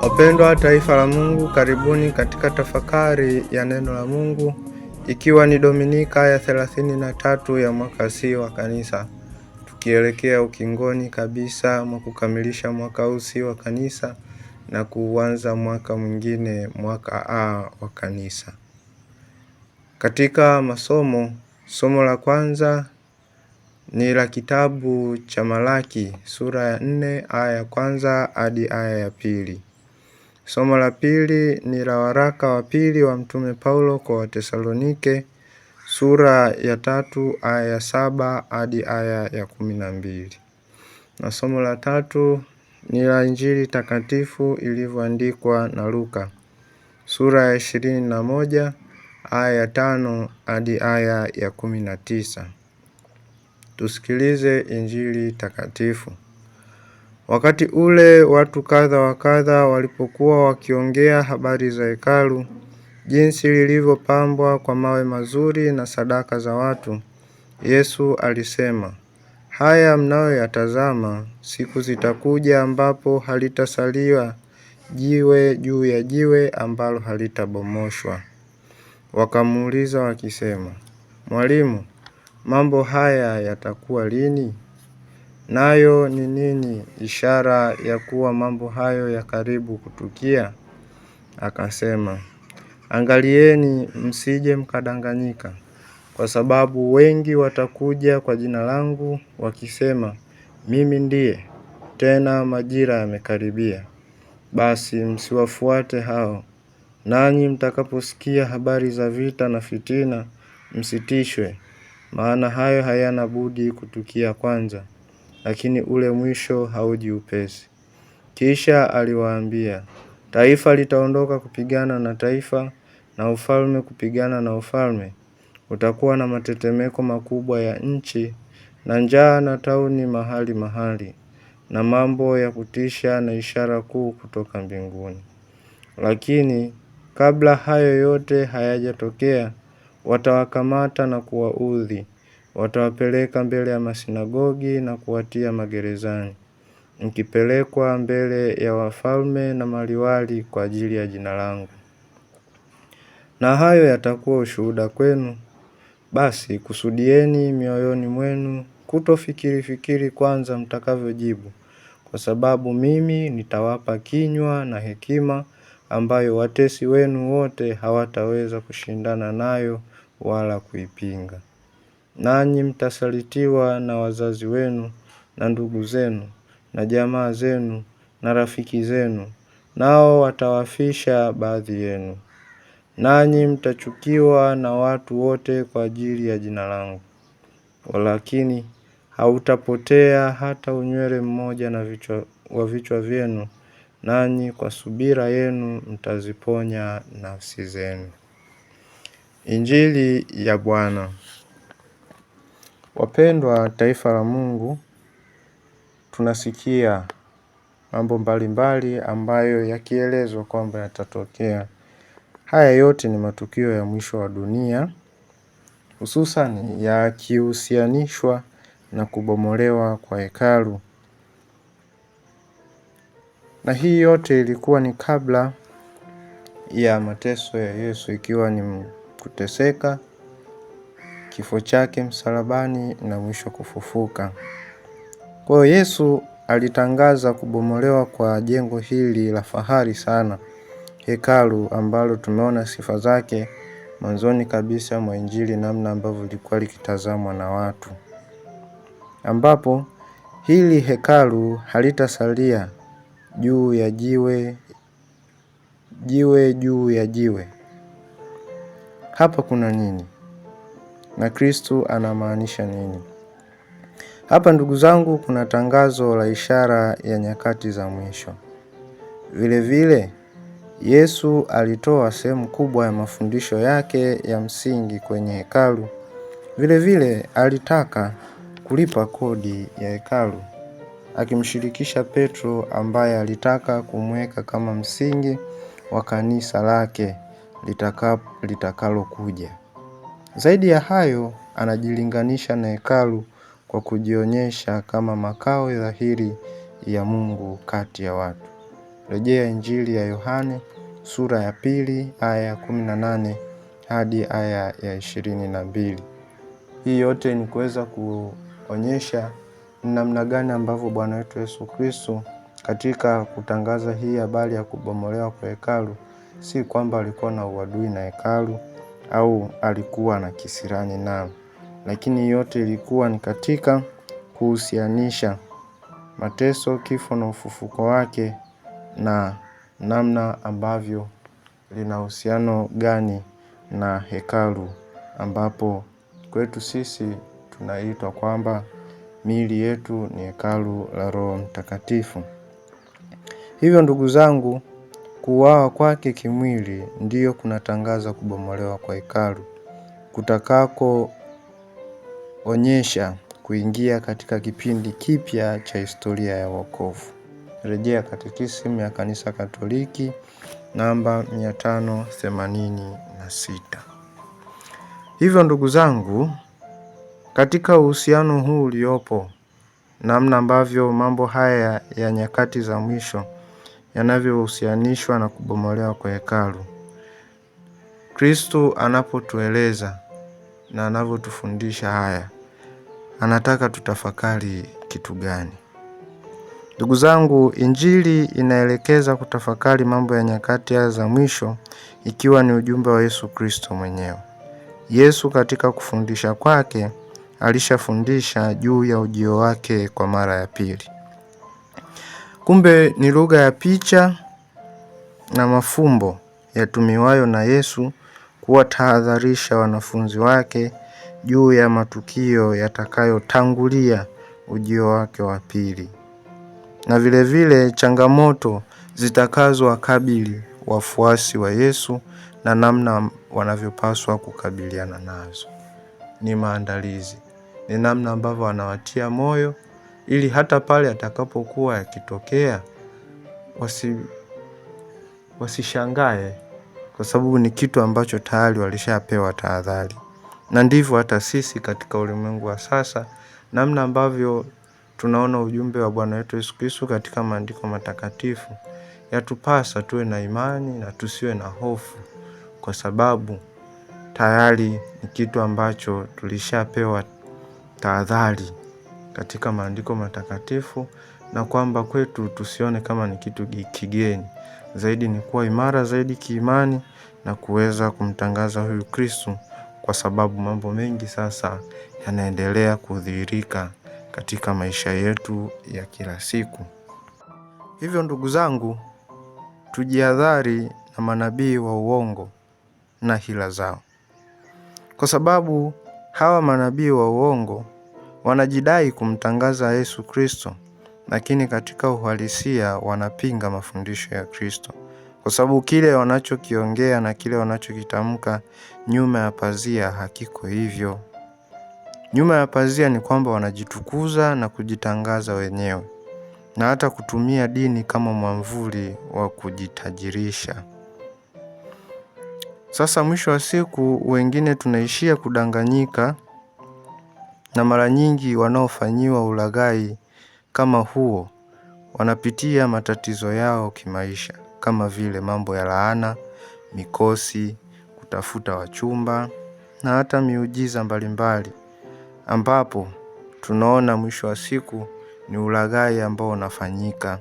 Wapendwa taifa la Mungu, karibuni katika tafakari ya neno la Mungu, ikiwa ni Dominika ya thelathini na tatu ya mwaka C wa Kanisa, tukielekea ukingoni kabisa mwa kukamilisha mwaka huu C wa Kanisa na kuuanza mwaka mwingine, mwaka A wa Kanisa. Katika masomo, somo la kwanza ni la kitabu cha Malaki sura ya nne aya ya kwanza hadi aya ya pili. Somo la pili ni la waraka wa pili wa Mtume Paulo kwa Watesalonike sura ya tatu aya ya saba hadi aya ya kumi na mbili na somo la tatu ni la Injili takatifu ilivyoandikwa na Luka sura ya ishirini na moja aya ya tano hadi aya ya kumi na tisa. Tusikilize Injili takatifu. Wakati ule watu kadha wa kadha walipokuwa wakiongea habari za hekalu, jinsi lilivyopambwa kwa mawe mazuri na sadaka za watu, Yesu alisema, haya mnayoyatazama, siku zitakuja ambapo halitasalia jiwe juu ya jiwe ambalo halitabomoshwa. Wakamuuliza wakisema, Mwalimu, mambo haya yatakuwa lini? Nayo ni nini ishara ya kuwa mambo hayo ya karibu kutukia? Akasema, angalieni msije mkadanganyika, kwa sababu wengi watakuja kwa jina langu wakisema, mimi ndiye, tena majira yamekaribia. Basi msiwafuate hao. Nanyi mtakaposikia habari za vita na fitina, msitishwe, maana hayo hayana budi kutukia kwanza, lakini ule mwisho hauji upesi. Kisha aliwaambia, taifa litaondoka kupigana na taifa na ufalme kupigana na ufalme. Utakuwa na matetemeko makubwa ya nchi na njaa na tauni mahali mahali, na mambo ya kutisha na ishara kuu kutoka mbinguni. Lakini kabla hayo yote hayajatokea, watawakamata na kuwaudhi watawapeleka mbele ya masinagogi na kuwatia magerezani, mkipelekwa mbele ya wafalme na maliwali kwa ajili ya jina langu. Na hayo yatakuwa ushuhuda kwenu. Basi kusudieni mioyoni mwenu kutofikiri fikiri kwanza mtakavyojibu, kwa sababu mimi nitawapa kinywa na hekima ambayo watesi wenu wote hawataweza kushindana nayo wala kuipinga nanyi mtasalitiwa na wazazi wenu na ndugu zenu na jamaa zenu na rafiki zenu, nao watawafisha baadhi yenu. Nanyi mtachukiwa na watu wote kwa ajili ya jina langu, walakini hautapotea hata unywele mmoja na vichwa, wa vichwa vyenu, nanyi kwa subira yenu mtaziponya nafsi zenu. Injili ya Bwana. Wapendwa taifa la Mungu, tunasikia mambo mbalimbali ambayo yakielezwa kwamba yatatokea. Haya yote ni matukio ya mwisho wa dunia, hususan yakihusianishwa na kubomolewa kwa hekalu. Na hii yote ilikuwa ni kabla ya mateso ya Yesu, ikiwa ni kuteseka kifo chake msalabani na mwisho kufufuka. Kwa hiyo Yesu alitangaza kubomolewa kwa jengo hili la fahari sana, hekalu ambalo tumeona sifa zake mwanzoni kabisa mwa Injili, namna ambavyo lilikuwa likitazamwa na watu, ambapo hili hekalu halitasalia juu ya jiwe, jiwe juu ya jiwe. Hapa kuna nini? na kristu anamaanisha nini? Hapa ndugu zangu, kuna tangazo la ishara ya nyakati za mwisho. Vilevile Yesu alitoa sehemu kubwa ya mafundisho yake ya msingi kwenye hekalu. Vilevile alitaka kulipa kodi ya hekalu, akimshirikisha Petro ambaye alitaka kumweka kama msingi wa kanisa lake litakalokuja. Zaidi ya hayo, anajilinganisha na hekalu kwa kujionyesha kama makao dhahiri ya Mungu kati ya watu. Rejea Injili ya Yohane sura ya pili aya ya kumi na nane hadi aya ya ishirini na mbili. Hii yote ni kuweza kuonyesha ni namna gani ambavyo Bwana wetu Yesu Kristo katika kutangaza hii habari ya kubomolewa kwa hekalu, si kwamba alikuwa na uadui na hekalu, au alikuwa na kisirani nao, lakini yote ilikuwa ni katika kuhusianisha mateso, kifo na ufufuko wake na namna ambavyo lina uhusiano gani na hekalu ambapo kwetu sisi tunaitwa kwamba miili yetu ni hekalu la Roho Mtakatifu. Hivyo ndugu zangu, Kuuawa kwake kimwili ndiyo kunatangaza kubomolewa kwa hekalu kutakakoonyesha kuingia katika kipindi kipya cha historia ya wokovu. Rejea Katekisimu ya Kanisa Katoliki namba 586. Hivyo ndugu zangu, katika uhusiano huu uliopo, namna ambavyo mambo haya ya nyakati za mwisho yanavyohusianishwa na kubomolewa kwa hekalu. Kristo anapotueleza na anavyotufundisha haya, anataka tutafakari kitu gani? Ndugu zangu, Injili inaelekeza kutafakari mambo ya nyakati haya za mwisho, ikiwa ni ujumbe wa Yesu Kristo mwenyewe. Yesu katika kufundisha kwake alishafundisha juu ya ujio wake kwa mara ya pili. Kumbe ni lugha ya picha na mafumbo yatumiwayo na Yesu kuwatahadharisha wanafunzi wake juu ya matukio yatakayotangulia ujio wake wa pili na vilevile vile changamoto zitakazowakabili wafuasi wa Yesu na namna wanavyopaswa kukabiliana nazo. Ni maandalizi, ni namna ambavyo anawatia moyo ili hata pale atakapokuwa yakitokea wasi, wasishangae kwa sababu ni kitu ambacho tayari walishapewa tahadhari. Na ndivyo hata sisi katika ulimwengu wa sasa, namna ambavyo tunaona ujumbe wa Bwana wetu Yesu Kristo katika maandiko matakatifu, yatupasa tuwe na imani na tusiwe na hofu, kwa sababu tayari ni kitu ambacho tulishapewa tahadhari katika maandiko matakatifu na kwamba kwetu tusione kama ni kitu kigeni, zaidi ni kuwa imara zaidi kiimani na kuweza kumtangaza huyu Kristu, kwa sababu mambo mengi sasa yanaendelea kudhihirika katika maisha yetu ya kila siku. Hivyo ndugu zangu, tujihadhari na manabii wa uongo na hila zao, kwa sababu hawa manabii wa uongo Wanajidai kumtangaza Yesu Kristo, lakini katika uhalisia wanapinga mafundisho ya Kristo, kwa sababu kile wanachokiongea na kile wanachokitamka nyuma ya pazia hakiko hivyo. Nyuma ya pazia ni kwamba wanajitukuza na kujitangaza wenyewe na hata kutumia dini kama mwamvuli wa kujitajirisha. Sasa mwisho wa siku, wengine tunaishia kudanganyika na mara nyingi wanaofanyiwa ulaghai kama huo wanapitia matatizo yao kimaisha kama vile mambo ya laana, mikosi, kutafuta wachumba na hata miujiza mbalimbali ambapo tunaona mwisho wa siku ni ulaghai ambao unafanyika.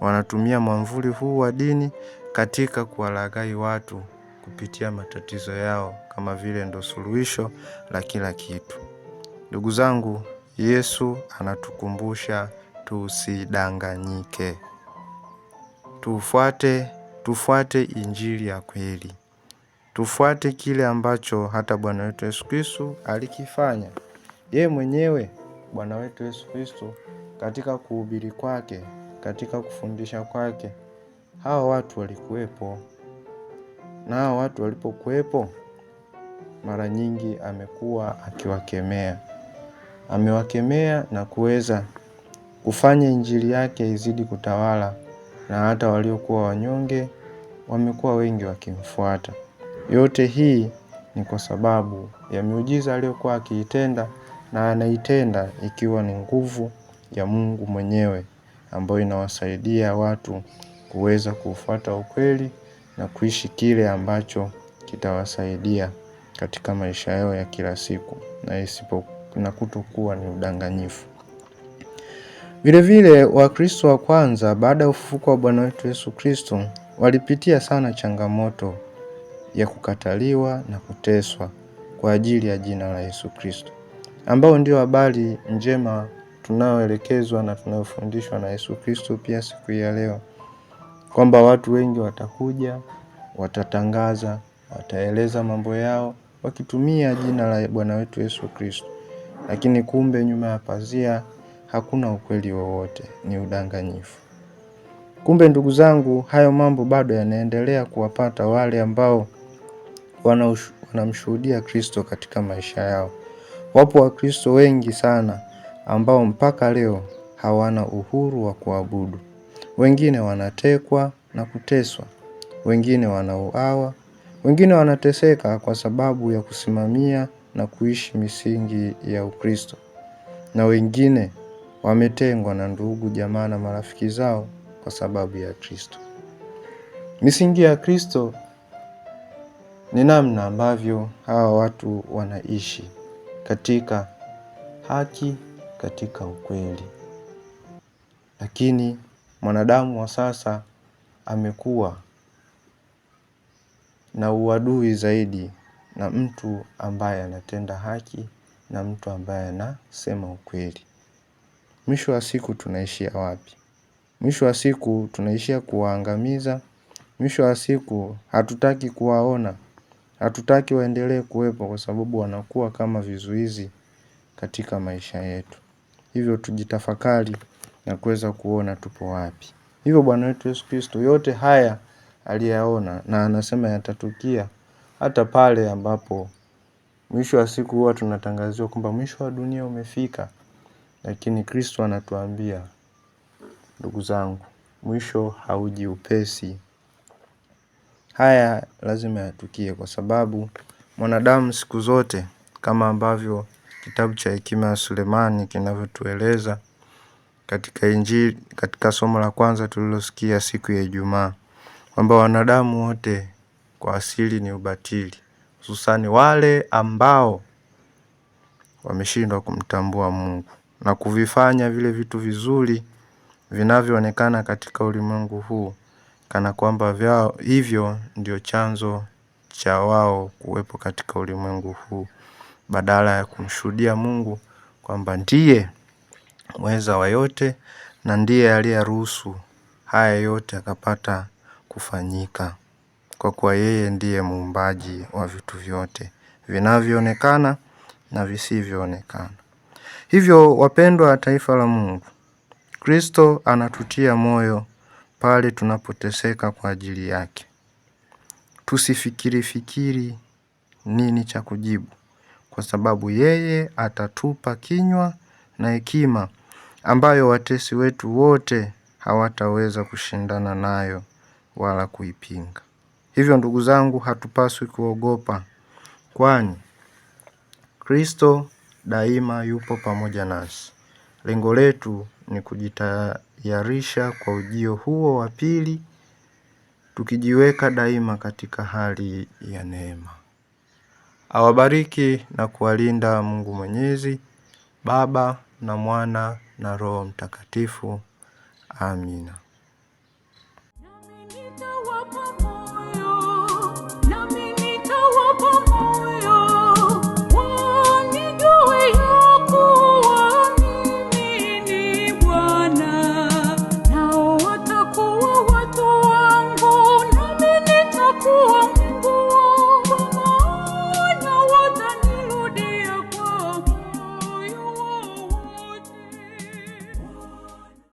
Wanatumia mwamvuli huu wa dini katika kuwalaghai watu kupitia matatizo yao kama vile ndo suluhisho la kila kitu. Ndugu zangu, Yesu anatukumbusha tusidanganyike, tufuate, tufuate injili ya kweli, tufuate kile ambacho hata Bwana wetu Yesu Kristo alikifanya. Yeye mwenyewe Bwana wetu Yesu Kristo katika kuhubiri kwake, katika kufundisha kwake, hawa watu walikuwepo, na hawa watu walipokuwepo, mara nyingi amekuwa akiwakemea amewakemea na kuweza kufanya injili yake izidi kutawala, na hata waliokuwa wanyonge wamekuwa wengi wakimfuata. Yote hii ni kwa sababu ya miujiza aliyokuwa akiitenda na anaitenda ikiwa ni nguvu ya Mungu mwenyewe ambayo inawasaidia watu kuweza kufuata ukweli na kuishi kile ambacho kitawasaidia katika maisha yao ya kila siku na isipo na kutokuwa ni udanganyifu. Vilevile Wakristo wa kwanza baada ya ufufuko wa Bwana wetu Yesu Kristo walipitia sana changamoto ya kukataliwa na kuteswa kwa ajili ya jina la Yesu Kristo, ambao ndio habari njema tunayoelekezwa na tunayofundishwa na Yesu Kristo pia siku ya leo, kwamba watu wengi watakuja, watatangaza, wataeleza mambo yao wakitumia jina la Bwana wetu Yesu Kristo lakini kumbe nyuma ya pazia hakuna ukweli wowote, ni udanganyifu. Kumbe ndugu zangu, hayo mambo bado yanaendelea kuwapata wale ambao wanamshuhudia Kristo katika maisha yao. Wapo Wakristo wengi sana ambao mpaka leo hawana uhuru wa kuabudu. Wengine wanatekwa na kuteswa, wengine wanauawa, wengine wanateseka kwa sababu ya kusimamia na kuishi misingi ya Ukristo, na wengine wametengwa na ndugu, jamaa na marafiki zao kwa sababu ya Kristo. Misingi ya Kristo ni namna ambavyo hawa watu wanaishi katika haki, katika ukweli. Lakini mwanadamu wa sasa amekuwa na uadui zaidi na mtu ambaye anatenda haki na mtu ambaye anasema ukweli. Mwisho wa siku tunaishia wapi? Mwisho wa siku tunaishia kuwaangamiza. Mwisho wa siku hatutaki kuwaona. Hatutaki waendelee kuwepo kwa sababu wanakuwa kama vizuizi katika maisha yetu. Hivyo tujitafakari na kuweza kuona tupo wapi. Hivyo Bwana wetu Yesu Kristo yote haya aliyaona na anasema yatatukia hata pale ambapo mwisho wa siku huwa tunatangaziwa kwamba mwisho wa dunia umefika, lakini Kristo anatuambia ndugu zangu, mwisho hauji upesi. Haya lazima yatukie, kwa sababu mwanadamu siku zote, kama ambavyo kitabu cha Hekima ya Sulemani kinavyotueleza katika Injili, katika somo la kwanza tulilosikia siku ya Ijumaa, kwamba wanadamu wote kwa asili ni ubatili, hususani wale ambao wameshindwa kumtambua Mungu na kuvifanya vile vitu vizuri vinavyoonekana katika ulimwengu huu kana kwamba vyao hivyo ndio chanzo cha wao kuwepo katika ulimwengu huu badala ya kumshuhudia Mungu kwamba ndiye mweza wa yote na ndiye aliyeruhusu haya yote akapata kufanyika kwa kuwa yeye ndiye muumbaji wa vitu vyote vinavyoonekana na visivyoonekana. Hivyo wapendwa taifa la Mungu, Kristo anatutia moyo pale tunapoteseka kwa ajili yake. Tusifikiri fikiri nini cha kujibu, kwa sababu yeye atatupa kinywa na hekima ambayo watesi wetu wote hawataweza kushindana nayo wala kuipinga. Hivyo ndugu zangu, hatupaswi kuogopa, kwani Kristo daima yupo pamoja nasi. Lengo letu ni kujitayarisha kwa ujio huo wa pili, tukijiweka daima katika hali ya neema. Awabariki na kuwalinda Mungu Mwenyezi, Baba na Mwana na Roho Mtakatifu. Amina.